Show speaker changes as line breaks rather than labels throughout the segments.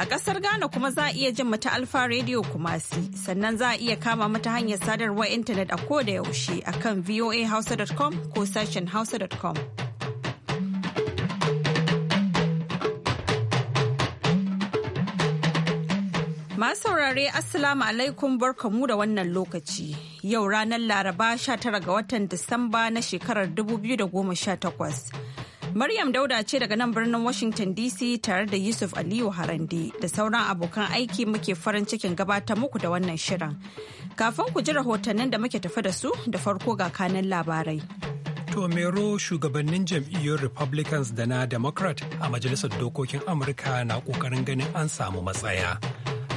A ƙasar Ghana kuma za a iya jin mata Alfa Radio Kumasi, sannan za a iya kama mata hanyar sadarwar intanet a ko da yaushe a kan voahausa.com ko sashen hausa.com. Masu saurare Assalamu alaikum barkamu da wannan lokaci. Yau ranar Laraba 19 ga watan Disamba na shekarar 2018. Maryam Dauda ce daga nan birnin Washington DC tare da Yusuf Aliyu Harande da sauran abokan aiki muke farin cikin gabatar muku da wannan shirin. Kafin ku ji rahotannin da muke tafi da su da farko ga kanan labarai.
To Mero shugabannin jam'iyyun Republicans da na Democrat a Majalisar Dokokin Amurka na ƙoƙarin ganin an samu matsaya.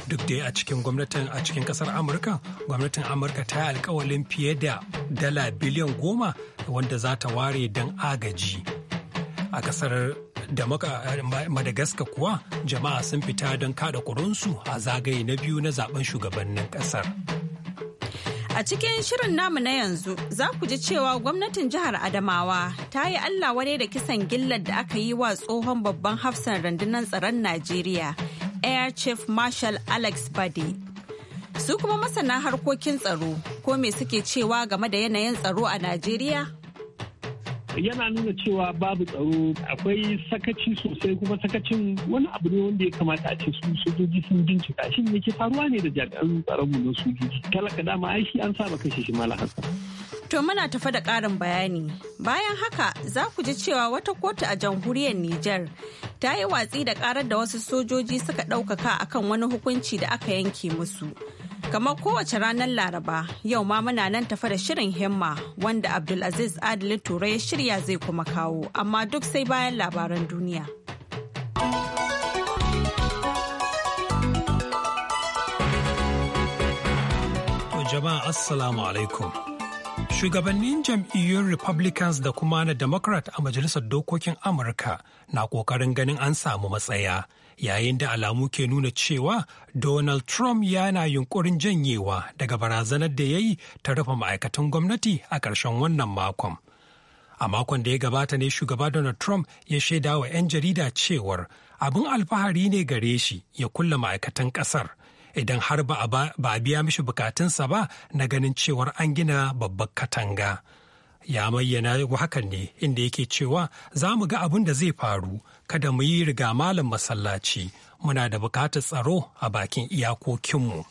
duk dai a cikin gwamnatin a cikin kasar amurka gwamnatin amurka ta yi alkawalin fiye da dala biliyan goma wanda za ta ware don agaji a kasar da madagascar kuwa jama'a sun fita don kada kurunsu a zagaye na biyu na zaben shugabannin kasar
a cikin shirin namu na yanzu za ku ji cewa gwamnatin jihar adamawa ta yi allah wadai da kisan gillar da aka yi wa tsohon babban hafsan rundunar tsaron najeriya air chief marshal alex bade su kuma masana harkokin tsaro ko me suke cewa game da yanayin tsaro a najeriya
yana nuna cewa babu tsaro akwai sakaci sosai kuma sakacin wani abu ne wanda ya kamata a ce su sojoji sun bincika shin yake faruwa ne da jami'an tsaronmu na sojoji talaka dama ai shi an saba kashe shi mala
To muna tafa da ƙarin bayani. Bayan haka za ku ji cewa wata kotu a jamhuriyar Nijar ta yi watsi da karar da wasu sojoji suka ɗaukaka akan wani hukunci da aka yanke musu. Kamar kowace ranar Laraba, yau ma muna nan tafa da shirin himma wanda Abdulaziz Adilin turai ya shirya zai kuma kawo, amma duk sai bayan labaran duniya.
Jama'a Assalamu alaikum. Shugabannin jam'iyyun Republicans da kuma na Democrat a Majalisar Dokokin Amurka na ƙoƙarin ganin an samu matsaya. yayin da alamu ke nuna cewa Donald Trump yana yunkurin janyewa daga barazanar da ya yi ta rufe ma'aikatan gwamnati a ƙarshen wannan makon. A makon da ya gabata ne shugaba Donald Trump ya shaida wa 'yan jarida cewar abin alfahari ne gare shi ya kulle ma'aikatan ƙasar idan har ba a biya mishi bukatunsa ba na ganin cewar an gina babbar katanga. ya mayyana hakan ne inda yake cewa za mu ga abin da zai faru kada mu yi riga malam masallaci muna da bukatar tsaro a bakin iyakokinmu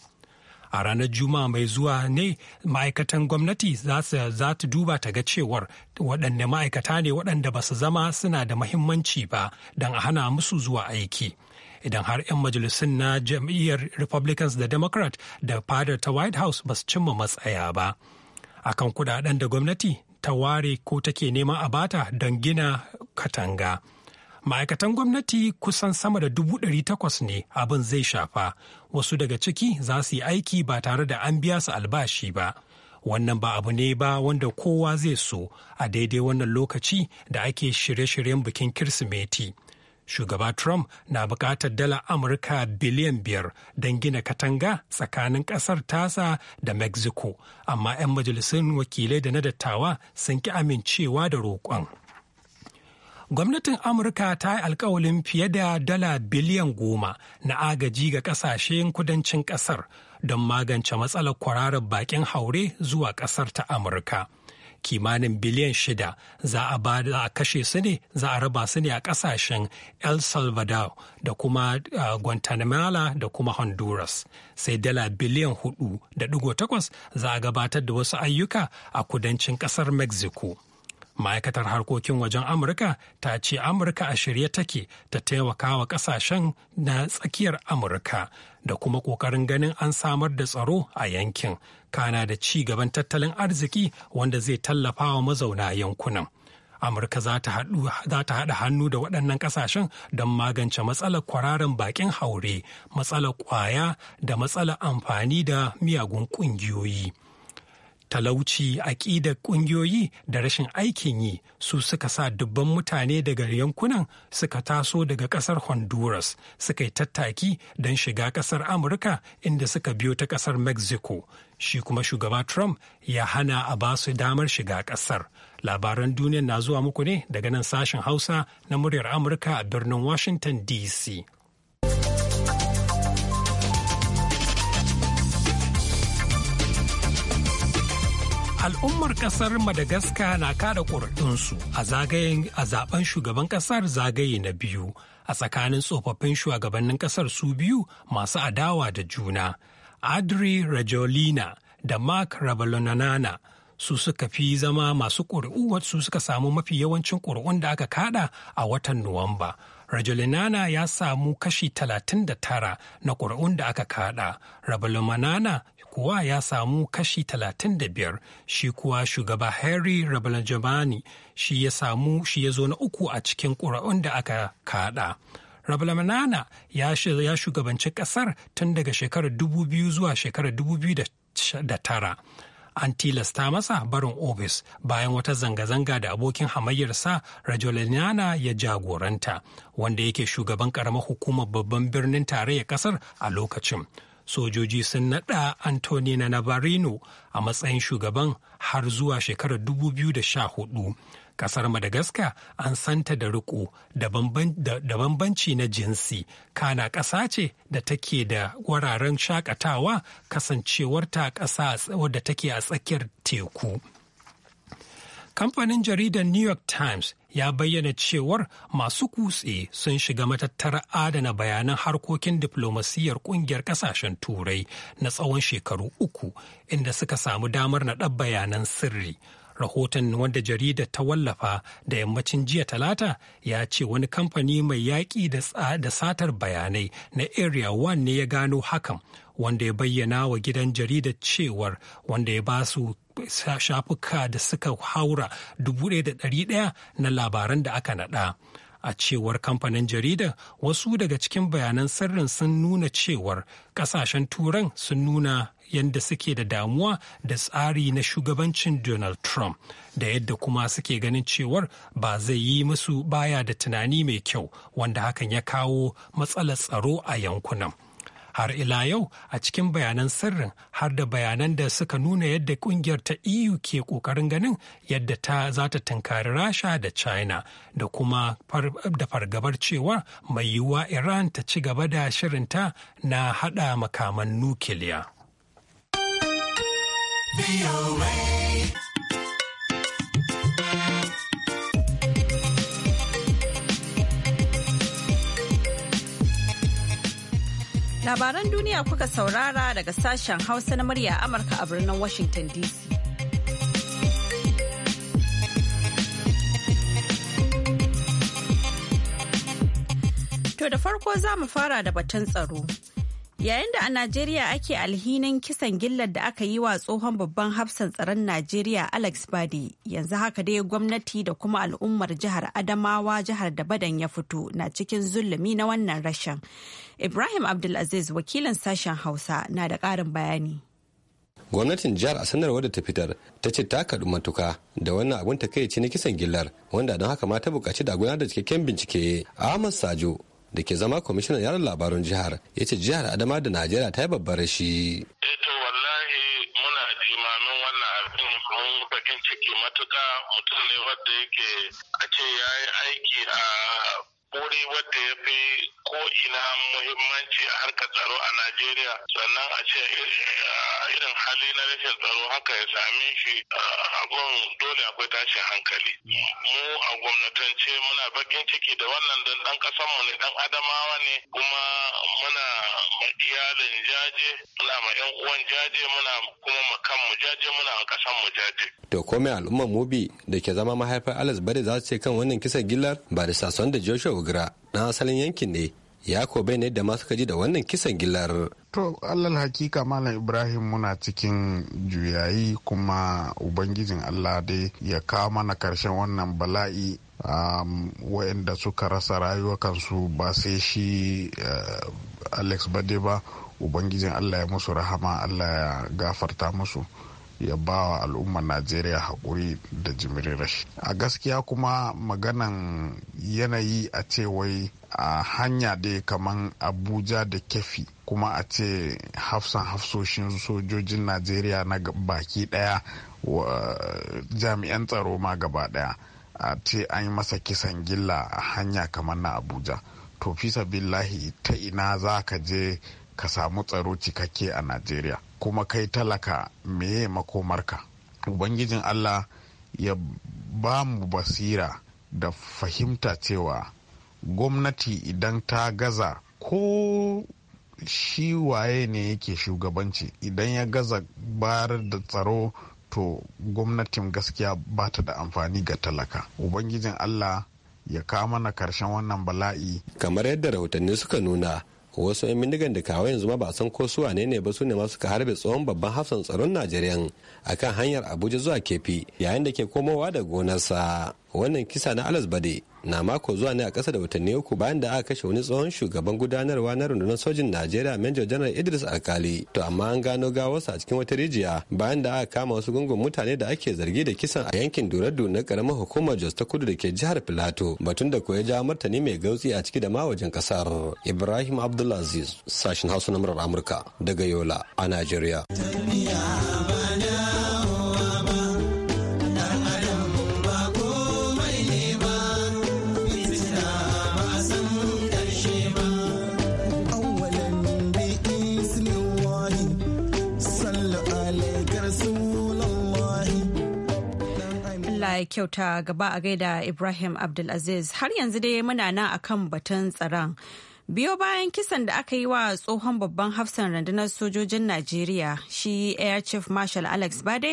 a ranar juma'a mai zuwa ne ma'aikatan gwamnati za ta duba ta ga cewar waɗanne ma'aikata ne waɗanda ba su zama suna da mahimmanci ba don a hana musu zuwa aiki idan har 'yan majalisun na jam'iyyar republicans da democrat da fadar ta white house ba su cimma matsaya ba akan kudaden da gwamnati ta ware ko take neman a bata don gina katanga. Ma'aikatan gwamnati kusan sama da dubu ɗari takwas ne abin zai shafa, wasu daga ciki za su yi aiki ba tare da an biya su albashi ba. Wannan ba abu ne ba wanda kowa zai so a daidai wannan lokaci da ake shirye-shiryen bikin Kirsimeti. shugaba Trump na buƙatar dala Amurka biliyan biyar don gina katanga tsakanin ƙasar tasa da Mexico, amma 'yan majalisun wakilai da na dattawa sun ki amincewa da roƙon. Gwamnatin Amurka ta yi alkawalin fiye da dala biliyan goma na agaji ga ƙasashen kudancin ƙasar don magance matsalar kwararar baƙin haure zuwa ƙasar ta Amurka. kimanin biliyan shida za a ba a kashe su ne za a raba su ne a kasashen el salvador da kuma guantanamala da kuma honduras sai dala biliyan hudu da digo takwas za a gabatar da wasu ayyuka a kudancin kasar mexico ma'aikatar harkokin wajen amurka ta ce amurka a shirye take ta taimaka wa kasashen na tsakiyar amurka da kuma ƙoƙarin ganin an samar da tsaro a yankin kana da ci gaban tattalin arziki wanda zai tallafa wa mazauna yankunan. amurka za ta haɗa hannu da waɗannan ƙasashen don magance matsalar kwararan baƙin haure matsalar ƙwaya da matsalar amfani da miyagun ƙungiyoyi talauci aƙidar ƙungiyoyi da rashin aikin yi su suka sa dubban mutane daga yankunan suka taso daga ƙasar honduras suka yi tattaki don shiga ƙasar amurka inda suka biyo ta ƙasar mexico shi kuma shugaba trump ya hana a ba su damar shiga ƙasar labaran duniya na zuwa muku ne daga nan sashen hausa na muryar amurka a birnin washington dc al'ummar kasar madagascar na kada ƙuri'unsu a zagayen a zaben shugaban kasar zagaye na biyu a tsakanin tsofaffin shugabannin kasar su biyu masu adawa da juna adri rajolina da mark rabalonanana su suka fi zama masu ƙuri'u su suka samu mafi yawancin ƙuri'un da aka kada a watan nuwamba rajolinana ya samu kashi 39 na ƙuri'un da aka kada rabalomanana kuwa ya samu kashi 35 shi kuwa shugaba Harry Rablajamani shi ya samu shi ya zo na uku a cikin ƙura'un da aka kaɗa. Rabalamanana ya shugabanci ƙasar tun daga shekarar 2000 zuwa shekarar tara an tilasta masa barin ofis bayan wata zanga-zanga da abokin hamayyarsa Rajolinana ya jagoranta wanda yake shugaban ƙaramar hukumar babban birnin tarayyar ƙasar a lokacin. sojoji sun naɗa Anthony Navarino a matsayin shugaban har zuwa shekarar 2014. Kasar Madagascar an santa da riko da bambanci na jinsi, kana ƙasa ce da take da wararen shakatawa kasancewarta ƙasa wadda take a tsakiyar teku. Kamfanin jaridar New York Times ya bayyana cewar masu kutse sun shiga matattara adana bayanan harkokin diflomasiyyar kungiyar kasashen turai na tsawon shekaru uku inda suka samu damar naɗa bayanan sirri. rahoton wanda jarida ta wallafa da yammacin jiya talata ya ce wani kamfani mai yaƙi da satar bayanai na area one ne ya gano hakan wanda ya bayyana wa gidan jaridar cewar wanda ya ba basu shafuka da suka haura dubu da ɗaya na labaran da aka naɗa, a cewar kamfanin jarida, wasu daga cikin bayanan sirrin sun nuna cewar ƙasashen turan sun nuna yadda suke da damuwa da tsari na shugabancin donald trump da yadda kuma suke ganin cewar ba zai yi musu baya da tunani mai kyau wanda hakan ya kawo matsalar tsaro a yankunan. har ila yau a cikin bayanan sirrin har da bayanan da suka nuna yadda kungiyar ta eu ke kokarin ganin yadda ta za ta tunkari rasha da china da kuma da fargabar cewa mai yiwuwa iran ta ci gaba da shirinta na hada makaman nukiliya.
Labaran duniya kuka saurara daga sashen Hausa na murya Amurka a birnin Washington DC. To da farko za mu fara da batun tsaro. Yayin da a Najeriya ake alhinin kisan gillar da aka yi wa tsohon babban hafsan tsaron Najeriya Alex Badi, yanzu haka dai gwamnati da kuma al'ummar jihar Adamawa jihar da badan ya fito na cikin zulumi na wannan rashin. Ibrahim Abdulaziz wakilin sashen Hausa na da ƙarin bayani.
gwamnatin jihar a sanarwar da ta fitar ta ce ta kaɗu matuka da wannan abin takaici na kisan gillar wanda don haka ma ta buƙaci da gudanar da cikakken bincike ahmad sajo da ke zama kwamishinan yaran labarun jihar ya ce jihar adama da najeriya ta yi babbar rashi. Eh
to wallahi muna jimamin wannan abin mun bakin ciki matuka mutum ne wanda yake a ce ya yi aiki a wuri wata ya fi ko ina muhimmanci a harkar tsaro a Najeriya sannan a ce ah, irin hali na rashin tsaro haka ya same shi ah, abun dole akwai tashin hankali. Mu a gwamnatance muna bakin ciki da wannan dan ƙasanmu ne ɗan adamawa ne kuma
muna ma iyalin jaje muna ma yan uwan jaje muna kuma ma mu jaje muna a kasan mu jaje to me al'umman mubi da ke zama mahaifar alas bari za su ce kan wannan kisan gillar ba da sason da joshua ugra na asalin yankin ne ya ko bai ne da masu kaji da wannan kisan gillar.
To Allah hakika Malam Ibrahim muna cikin juyayi kuma Ubangijin Allah dai ya kawo mana karshen wannan bala'i um, waɗanda suka rasa kansu ba sai shi eh, alex bade ba ubangijin allah ya musu rahama allah ya gafarta musu ya ba wa al'umma najeriya haƙuri da jimirin rashi a gaskiya kuma maganan yanayi a ce wai a hanya dai kaman abuja da kefi kuma a ce hafsan hafsoshin sojojin najeriya na baki daya jami'an tsaro ma gaba daya a ce an yi masa kisan gilla a hanya kamar na abuja to fisa billahi ta ina za ka je ka samu tsaro cikakke a najeriya kuma kai talaka meye makomarka ubangijin allah ya ba mu basira da fahimta cewa gwamnati idan ta gaza ko shi waye ne yake shugabanci idan ya gaza bayar da tsaro to gwamnatin gaskiya ba ta da amfani ga talaka ubangijin allah ya kawo mana karshen wannan bala'i
kamar yadda rahotanni suka nuna wasu 'yan bindigan da kawo yanzu ma ba san ko suwa ne ba su ne masu ka harbe tsohon babban hafsan tsaron najeriya akan hanyar abuja zuwa kefi yayin da ke komowa da gonarsa wannan kisa na alas bade na mako zuwa ne a ƙasa da watanni uku bayan da aka kashe wani tsohon shugaban gudanarwa na rundunar sojin najeriya major general idris alkali to amma an gano gawarsa a cikin wata rijiya bayan da aka kama wasu gungun mutane da ake zargi da kisan a yankin duradu na karamar hukumar jos ta kudu da ke jihar filato batun da koya ja martani mai gautsi a ciki da ma wajen kasar ibrahim abdulaziz sashen hausa na murar amurka daga yola a najeriya
yi kyauta gaba a gaida Ibrahim Abdulaziz har yanzu dai muna nan akan batun tsaron. Biyo bayan kisan da aka yi wa tsohon babban hafsan rundunar sojojin Najeriya shi Air Chief Marshal Alex Bade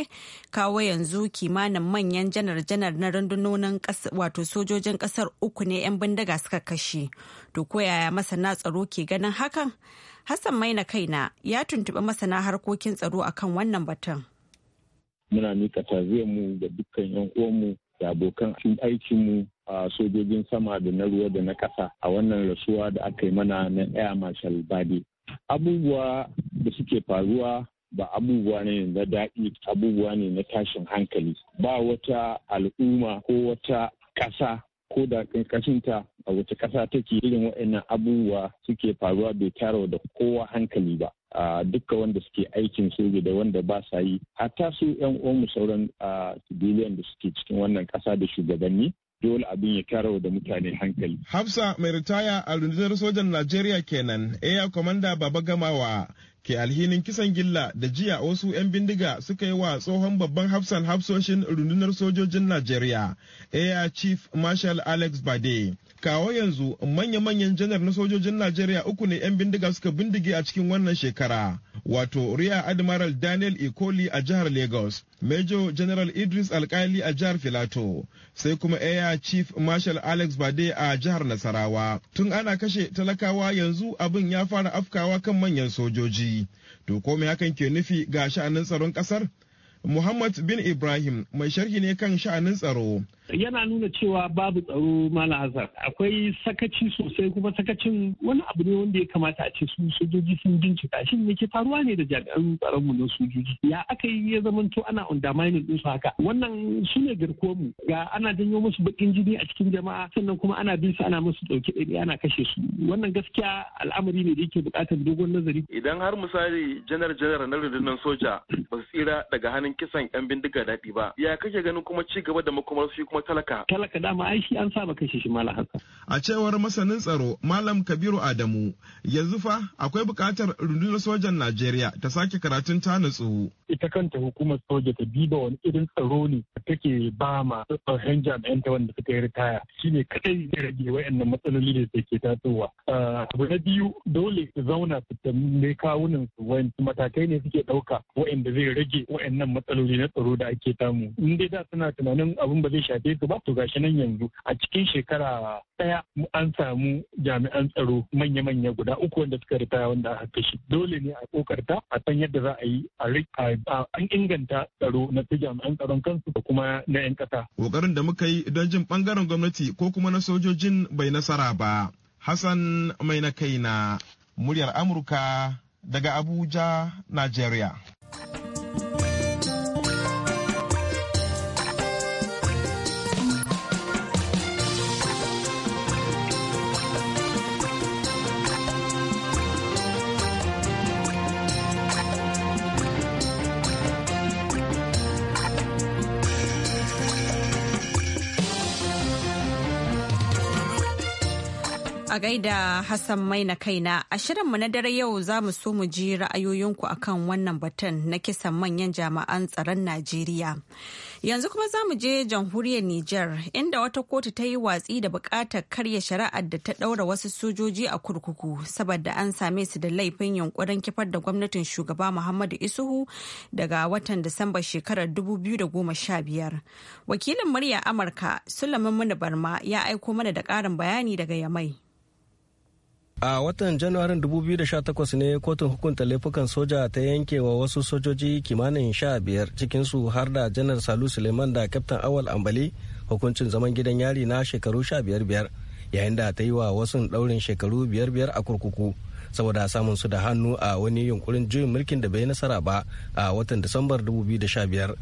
kawo yanzu kimanin manyan janar-janar na rundunonin wato sojojin kasar uku ne 'yan bindiga suka kashe. To koyaya masana tsaro ke ganin hakan? Hassan Maina kaina ya tuntuɓi masana harkokin tsaro akan wannan batun.
muna mika mu ga dukkan 'yan uwanmu da abokan aikinmu a sojojin sama da na ruwa da na ƙasa a wannan rasuwa da aka yi mana na ɗaya marshal bade abubuwa da suke faruwa ba abubuwa ne na daɗi abubuwa ne na tashin hankali ba wata al'umma ko wata ƙasa ko da kankashinta a wace ƙasa take irin waɗannan abubuwa suke faruwa bai tara da kowa hankali ba. a dukka wanda suke aikin soja da wanda ba sa yi hatta su yan uwanmu sauran a civilian da suke cikin wannan ƙasa da shugabanni dole abin ya tara da mutane hankali.
Hafsa mai ritaya a rundunar sojan Najeriya kenan, Air Commander Baba Gamawa ke alhinin kisan gilla da jiya wasu 'yan bindiga suka yi wa tsohon babban hafsan hafsoshin rundunar sojojin Najeriya, Air Chief Marshal Alex Bade. Kawo yanzu manya-manyan janar na sojojin Najeriya uku ne 'yan bindiga suka bindige a cikin wannan shekara. wato Rear Admiral Daniel Ikoli a jihar Lagos, Major General Idris Alkali a jihar Filato, sai kuma Air Chief Marshal Alex Bade a jihar Nasarawa. Tun ana kashe talakawa yanzu abin ya fara afkawa kan manyan sojoji. To ko hakan ke nufi ga sha'anin tsaron kasar? Muhammad bin Ibrahim mai sharhi ne kan sha'anin tsaro.
yana nuna cewa babu tsaro mana hazard akwai sakaci sosai kuma sakacin wani abu ne wanda ya kamata a ce su sojoji sun bincika shin me ke faruwa ne da jami'an tsaron mu na sojoji ya aka yi ya zamanto ana undermining din su haka wannan su ne garkuwar
mu ga ana janyo musu bakin jini a cikin jama'a sannan kuma ana bin su ana musu dauke ɗaya ana kashe
su wannan gaskiya al'amari ne da yake buƙatar dogon nazari
idan har misali janar janar na rundunar soja ba su tsira daga hannun kisan yan bindiga daɗi ba ya kake ganin kuma ci gaba da
makomar su kuma kuma talaka. Talaka dama ai shi an saba kashe shi malam Hassan.
A cewar masanin tsaro Malam Kabiru Adamu yanzu fa akwai buƙatar rundunar sojan Najeriya ta sake karatun ta nutsu. Ita kanta hukumar soja ta diba wani irin tsaro ne da take ba ma tsohon jami'an ta wanda suka yi ritaya shine kadai zai rage wayannan matsaloli da take
tasowa. Abu na biyu dole su zauna su tambaye kawunan su wani matakai ne suke ɗauka wayanda zai rage wayannan matsaloli na tsaro da ake samu. In dai da suna tunanin abin ba zai shafi su ba to gashi nan yanzu a cikin shekara ɗaya an samu jami'an tsaro manya-manya guda uku wanda suka rita wanda aka kashe dole ne a kokarta a san yadda za
a yi a an inganta tsaro na su jami'an tsaron kansu da kuma na 'yan ƙasa. Kokarin da muka yi don jin bangaren gwamnati ko kuma na sojojin bai nasara ba. Hassan mai na kaina muryar Amurka daga Abuja, Najeriya.
gaida Hassan Maina kaina a shirinmu na dare yau za mu so mu ji ra'ayoyinku akan wannan batun na kisan manyan jami'an tsaron Najeriya. Yanzu kuma za mu je jamhuriyar Nijar inda wata kotu ta yi watsi da bukatar karya shari'ar da ta ɗaura wasu sojoji a kurkuku saboda an same su da laifin yunkurin kifar da gwamnatin shugaba Muhammadu Isuhu daga watan Disamba shekarar 2015. Wakilin murya Amurka Sulaiman Muni Barma ya aiko mana da ƙarin bayani daga Yamai.
a watan janairun 2018 ne kotun hukunta laifukan soja ta yanke wa wasu sojoji kimanin sha biyar cikinsu har da janar salu suleiman da kaftan awal ambali hukuncin zaman gidan yari na shekaru sha biyar biyar yayin da ta yi wa wasu daurin shekaru biyar biyar a kurkuku saboda samun su da hannu a wani yunkurin juyin mulkin da bai nasara ba a watan disambar 2015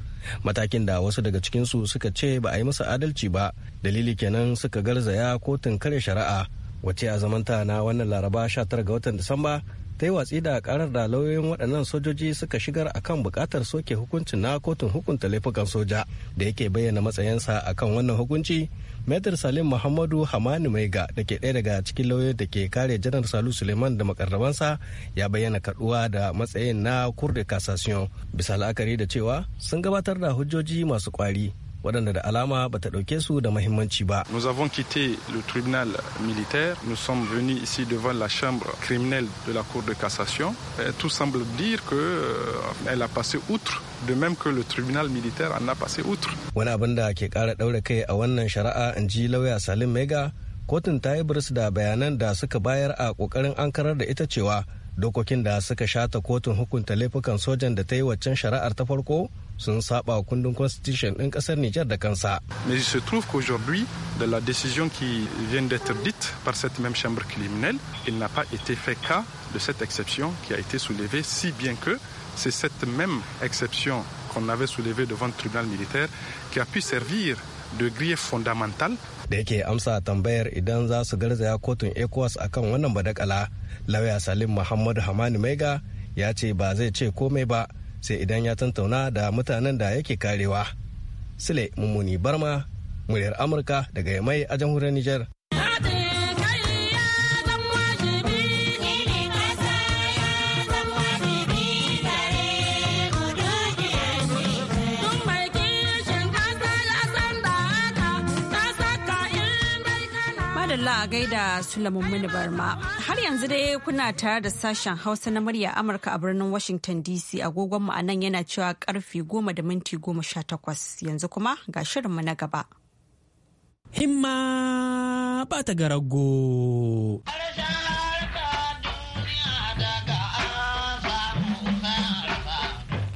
matakin da wasu daga cikinsu suka ce ba a yi masa adalci ba dalili kenan suka garzaya kotun kare shari'a wacce a zamanta na wannan laraba 19 ga watan disamba ta yi watsi da karar da lauyoyin waɗannan sojoji suka shigar a kan bukatar soke hukuncin na kotun hukunta laifukan soja da yake bayyana matsayinsa akan wannan hukunci metar salim muhammadu hamani maiga da ke ɗaya daga cikin lauyoyin da ke kare janar salu suleiman da makarrabansa ya bayyana kaduwa da matsayin na kurde cassation bisa la'akari da cewa sun gabatar da hujjoji masu kwari waɗanda da alama ba ta ɗauke su da mahimmanci ba.
Nous avons quitté le tribunal militaire, nous sommes venus ici devant la chambre criminelle de la Cour de cassation. tout semble dire que euh, elle a passé outre de même que le tribunal militaire en a passé outre.
Wani abin da ke ƙara ɗaure kai a wannan shari'a in ji lauya Salim Mega, kotun ta yi da bayanan da suka bayar a kokarin ankarar da ita cewa Mais il se
trouve qu'aujourd'hui, de la décision qui vient d'être dite par cette même chambre criminelle, il n'a pas été fait cas de cette exception qui a été soulevée, si bien que c'est cette même exception qu'on avait soulevée devant le tribunal militaire qui a pu servir de grief fondamental
da yake amsa tambayar idan za su garzaya kotun ecowas akan wannan badakala lauya salim muhammadu hamani maiga ya ce ba zai ce komai ba sai idan ya tantauna da mutanen da yake karewa sile mummuni barma muryar amurka daga yamai a jamhuriyar nijar.
Madalla a gaida Sulaiman Mini Barma. Har yanzu dai kuna tare da sashen Hausa na murya Amurka a birnin Washington DC agogon mu anan yana cewa karfe goma da minti goma sha takwas yanzu kuma ga shirinmu na gaba.
Himma ba ta garago.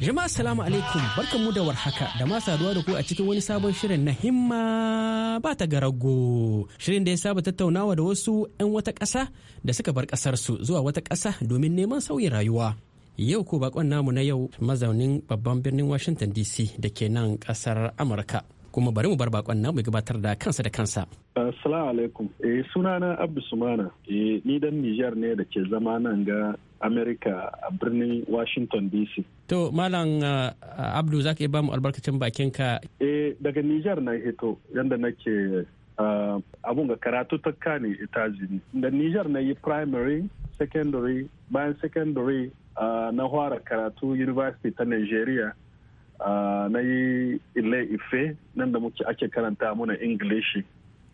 Jama'a salamu alaikum mu da warhaka da ma saduwa da ku a cikin wani sabon shirin na himma ba ta garago. Shirin da ya saba tattaunawa da wasu 'yan wata ƙasa da suka bar ƙasarsu zuwa wata ƙasa domin neman sauyin rayuwa. Yau ko bakon namu na yau mazaunin babban birnin Washington DC da ke nan ƙasar Amurka. kuma bari mu bar bakon na mai gabatar da kansa da kansa.
Assalamu alaikum. Eh sunana Abdu Sumana. Eh ni dan Nijar ne da ke zama nan ga Amerika a birnin Washington DC.
To Malam uh, Abdu za ka iya ba mu albarkacin bakinka.
Eh daga Nijar na hito yanda nake uh, abun ga karatu ta kane itazini. Da Nijar na yi primary, secondary, bayan secondary uh, na hwara karatu university ta Nigeria. Ah, na yi ile ife nan da muke ake karanta muna ingilishi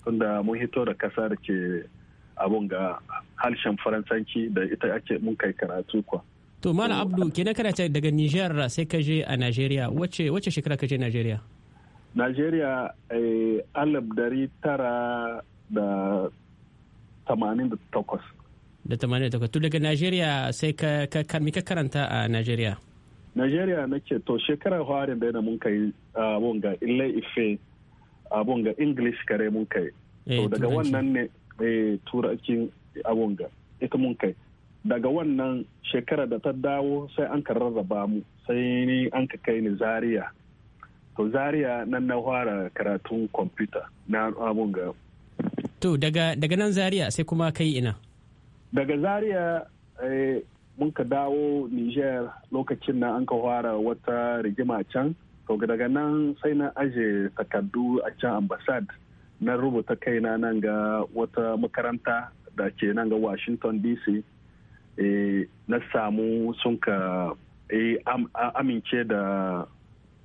tunda mun hito da kasa da ke abun ga harshen faransanci da ita ake mun kai karatu kwa.
To mana Abdu kenan kana ce daga Niger sai ka je a nigeria wace wace shekara ka je nigeria
Najeriya eh, alif dari tara da tamanin da takwas.
Da tamanin da takwas. To daga nigeria sai ka karanta a nigeria
nigeria ce to shekara harin da mun kai abun ga ile ife abun ga english kare mun kai
to eh, daga wannan
ne eh, turakin abun ga ita mun kai daga wannan shekara da ta dawo sai an rarraba mu sai ni an ka kai ni zaria to zaria nan na fara karatun kwamfuta na abun ga
to daga nan zaria sai kuma kai ina
daga zaria eh, mun ka dawo niger lokacin na an ka fara wata rigima can to daga nan sai na aje takardu a can ambasad na rubuta kaina nan ga wata makaranta da ke nan ga washington dc eh, na samu sun ka eh, amince da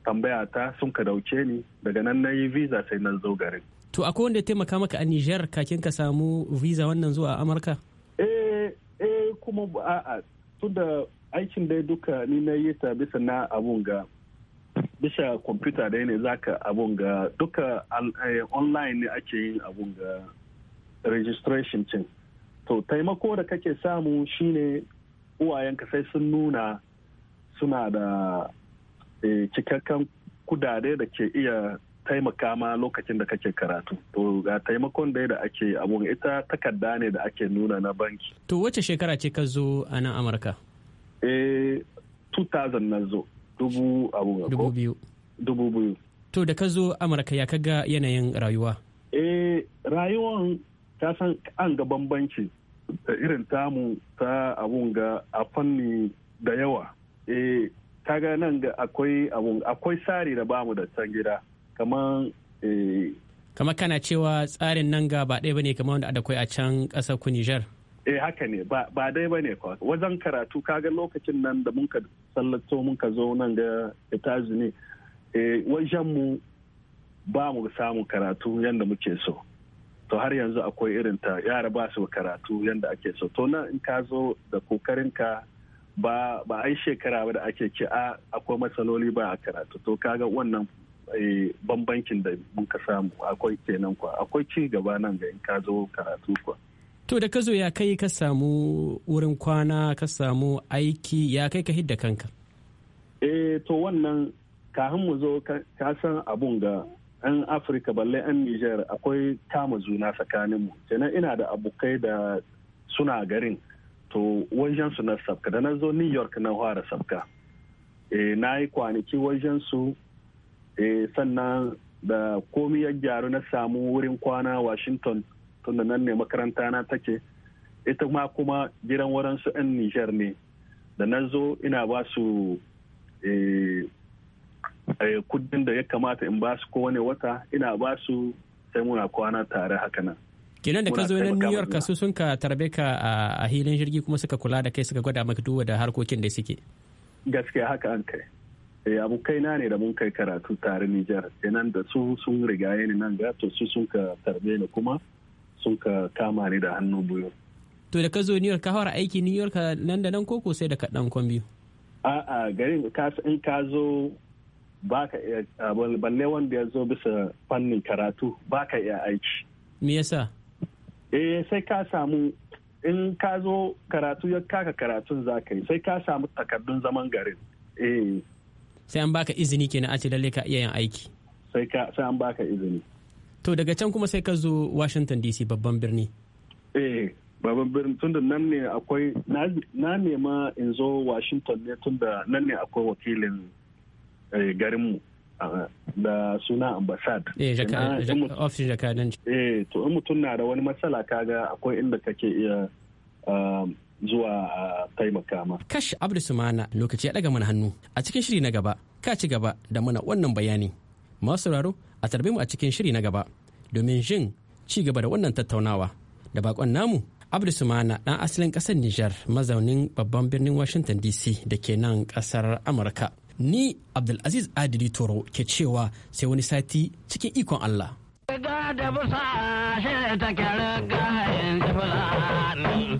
tambaya ta sun ka dauke ni daga nan na yi visa sai na zo garin
to akwai wanda ya taimaka maka a niger kakin ka samu visa wannan zuwa amurka
eh, eh kuma ba. tun da aikin dai duka ni na yi ta bisa na abun ga bisa kwamfuta dai ne ka abun ga duka eh, online ne ake yin abun ga registration cin to taimako da kake samu shine uwayenka sai sun nuna suna da eh, cikakken kudade da ke iya taimaka ma lokacin da kake karatu to ga taimakon dai da ake abun ita takarda ne da ake nuna na banki
to wace shekara ce ka zo a nan amurka
eh 2000 na zo dubu abun dubu biyu dubu biyu
to da ka zo amurka ya kaga yanayin rayuwa
eh rayuwan ta san an ga bambanci da irin tamu ta abun ga a fanni da yawa eh ga nan ga akwai abun akwai sari da bamu da can gida kamar eh,
kamar kana cewa tsarin nan ga ba ɗaya bane kamar wanda adakwai a can ƙasar ku Nijar.
Eh haka ne ba dai ba ne wajen karatu kaga lokacin nan da mun ka sallato mun ka zo nan ga Etazini eh wajen mu ba mu samu karatu yadda muke so. To har yanzu akwai irin ta yara ba su karatu yadda ake so. To nan in ka zo da kokarin ka ba ba ai shekara ba da ake ce a ah, akwai matsaloli ba a karatu to kaga wannan Eh, bambancin da muka samu akwai kenan kwa akwai ci gaba nan ga in ka zo karatu kwa
to da ka zo ya kai ka samu wurin kwana ka samu aiki ya kai ka hidda kanka
eh to wannan kahin mu zo ka san abun ga yan afirka balle yan niger akwai kama juna mu kenan ina da abokai da suna garin to wajen su na sabka da na zo new york na fara sabka eh, na yi kwanaki wajen su Eh, sannan da komi ya gyaru na samu wurin kwana washington da nan ne makaranta na take ita ma kuma gidan waransu 'yan nijar ne da na zo ina ba su eh, eh, kudin da ya kamata in ba su kowane wata ina ba su sai muna kwana tare haka nan
kenan da ka zo nan new york su sun ka tarbe ka a hilin jirgi kuma suka kula da kai suka gwada maka duwa da harkokin da suke
gaskiya haka an kai Eh, na ne da mun kai karatu tare Nijar nan da su sun riga ni nan ga to su sun ka tarbe ni kuma sun ka kama ni da hannu biyu.
To da ka zo New York ka fara aiki New York nan da nan koko sai da ka dan kwambi.
A'a ka in ka zo baka iya balle wanda ya zo bisa fannin karatu baka iya aiki. Me yasa? Eh sai ka samu in ka zo karatu ya kaka karatun za ka yi sai ka samu takardun zaman garin. Eh
sai an baka izini kenan a ce lalle ka iya yin aiki
sai ka sai an baka izini
to daga can kuma sai ka zo Washington DC babban birni
eh babban birni tunda nan ne akwai na nema in zo Washington ne tunda nan ne akwai wakilin eh, garin mu da suna ambassad. Eh, jaka
jakadanci.
Eh, to in mutum na da wani matsala kaga akwai inda kake iya um, zuwa taimaka ma.
Kash Abdul Sumana lokaci ya daga mana hannu a cikin shiri na gaba ka ci gaba da mana wannan bayani. Masu sauraro a tarbe mu a cikin shiri na gaba domin jin ci gaba da wannan tattaunawa da bakon namu Abdul Sumana ɗan asalin ƙasar Nijar mazaunin babban birnin Washington DC da ke nan ƙasar Amurka. Ni abdul-aziz Adili Toro ke cewa sai wani sati cikin ikon Allah.
Riga da busa shi ta kyar gayen fulani.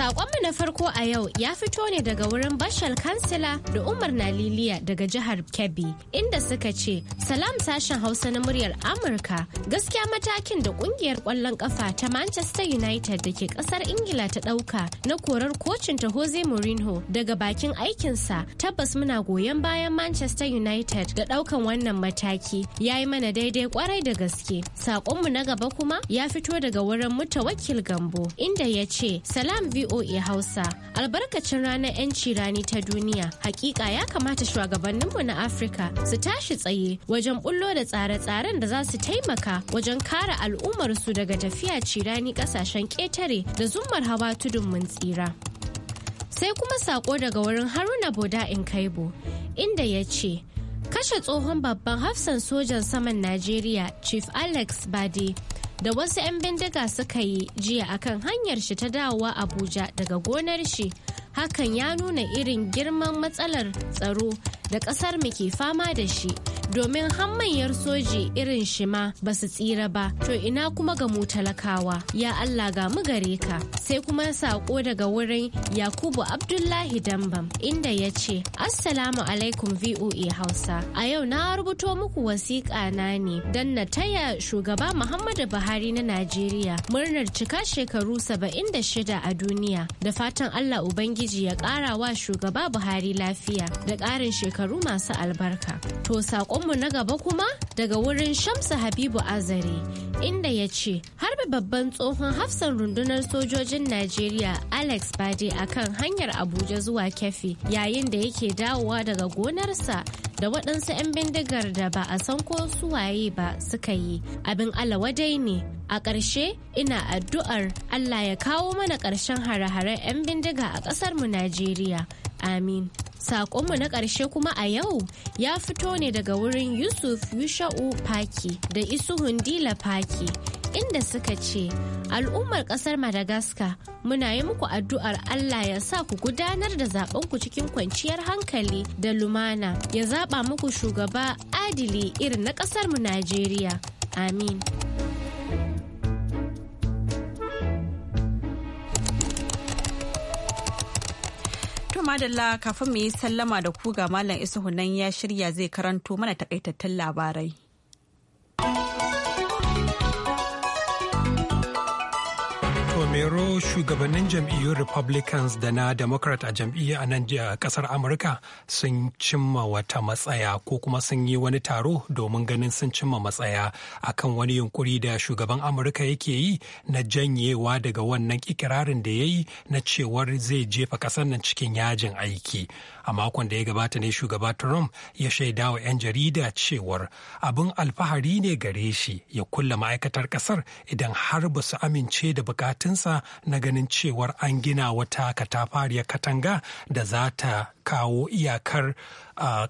Sakonmu na farko a yau ya fito ne daga wurin bashal kansila da Umar Naliliya daga jihar Kebbi inda suka ce salam sashen Hausa na muryar Amurka gaskiya matakin da kungiyar kwallon kafa ta Manchester United da ke kasar Ingila ta dauka na korar kocin ta Jose Mourinho daga bakin aikinsa tabbas muna goyon bayan Manchester United da daukan wannan mataki ya yi mana daidai kwarai da gaske. Sakonmu na gaba kuma ya fito daga wurin mutawakil Gambo inda ya ce salam VOA Hausa. Albarkacin ranar 'yanci rani ta duniya, hakika ya kamata shugabanninmu na Afirka su tashi tsaye wajen bullo da tsare-tsaren da za su taimaka wajen kare al'ummarsu daga tafiya cirani kasashen ƙetare da zumar hawa tudun mun tsira. Sai kuma sako daga wurin Haruna Boda in Kaibo, inda ya ce, Kashe tsohon babban hafsan sojan saman Najeriya, Chief Alex Bade, da wasu 'yan bindiga suka yi jiya akan hanyar shi ta dawowa abuja daga gonar shi hakan ya nuna irin girman matsalar tsaro da ƙasar mu ke fama da shi domin hammayar soji irin shi ma ba su tsira ba to ina kuma ga mu talakawa ya Allah ga mu gare ka sai kuma sako daga wurin Yakubu Abdullahi Dambam inda ya ce Assalamu alaikum VOA Hausa a yau na rubuto muku wasiƙa na ne don na taya shugaba Muhammadu Buhari na Najeriya murnar cika shekaru 76 a duniya da fatan Allah Ubangiji ya ƙara wa shugaba Buhari lafiya da ƙarin shekaru shekaru masu albarka. To saƙonmu na gaba kuma daga wurin Shamsu Habibu Azare inda ya ce harbe babban tsohon hafsan rundunar sojojin Najeriya Alex Bade akan hanyar Abuja zuwa Kefi yayin da yake dawowa daga gonarsa da waɗansu 'yan bindigar da ba a san ko suwaye ba suka yi abin alawadai ne a ƙarshe ina addu'ar allah ya kawo mana ƙarshen hare-haren 'yan bindiga a ƙasar mu najeriya amin Saƙonmu na ƙarshe kuma a yau ya fito ne daga wurin Yusuf Yusha'u Paki da Isuhun Dila Paki. inda suka ce al'ummar kasar madagascar muna yi muku addu'ar allah ya sa ku gudanar da zaɓenku cikin kwanciyar hankali da lumana ya zaɓa muku shugaba adili irin na mu najeriya amin
madalla kafin mu yi sallama da ku ga malam isuhu nan ya shirya zai karanto mana takaitattun labarai
shugabannin jam'iyyun republicans da na democrat a jam'iyya a nan kasar amurka sun cimma wata matsaya ko kuma sun yi wani taro domin ganin sun cimma matsaya akan wani yunkuri da shugaban amurka yake yi na janyewa daga wannan ikirarin da ya yi na cewar zai jefa kasar nan cikin yajin aiki a makon da ya gabata ne shugaba trump ya shaida wa 'yan jarida cewar abin alfahari ne gare shi ya kulla ma'aikatar kasar idan har ba su amince da bukatunsa na ganin cewar an gina wata katafariyar katanga da za ta kawo iyakar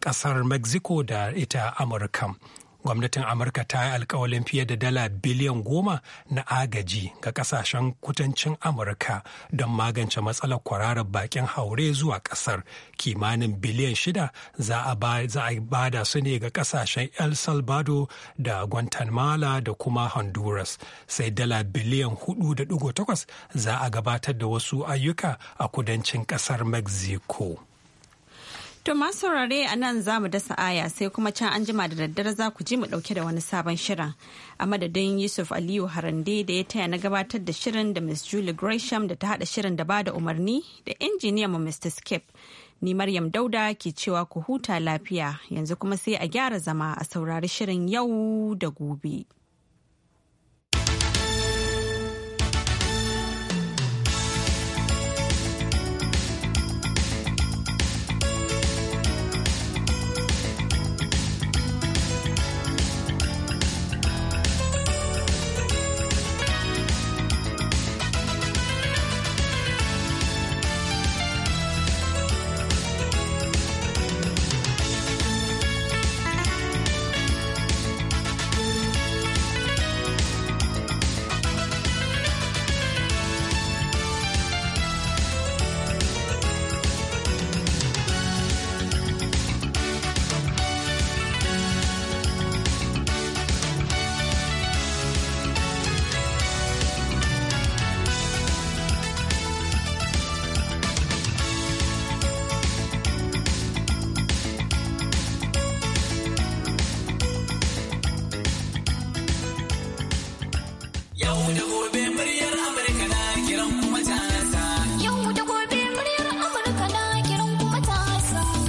kasar ah, mexico da ita amurka gwamnatin amurka ta yi alkawalin fiye da dala biliyan goma na agaji ga kasashen kudancin amurka don magance matsalar kwararar bakin haure zuwa kasar kimanin biliyan shida za a bada su ne ga kasashen el salvador da guatemala da kuma honduras sai dala biliyan da takwas za a gabatar da wasu ayyuka a kudancin kasar mexico
To masu saurare a nan za mu dasa aya sai kuma can an jima da daddare za ku ji mu dauke da wani sabon shirin. A madadin Yusuf Aliyu Harande da ya taya na gabatar da shirin da Miss Julie Gresham da ta hada shirin da ba da umarni da injiniyan mu Mr. Skip. Ni Maryam Dauda ke cewa ku huta lafiya yanzu kuma sai a gyara zama a saurari shirin yau da gobe.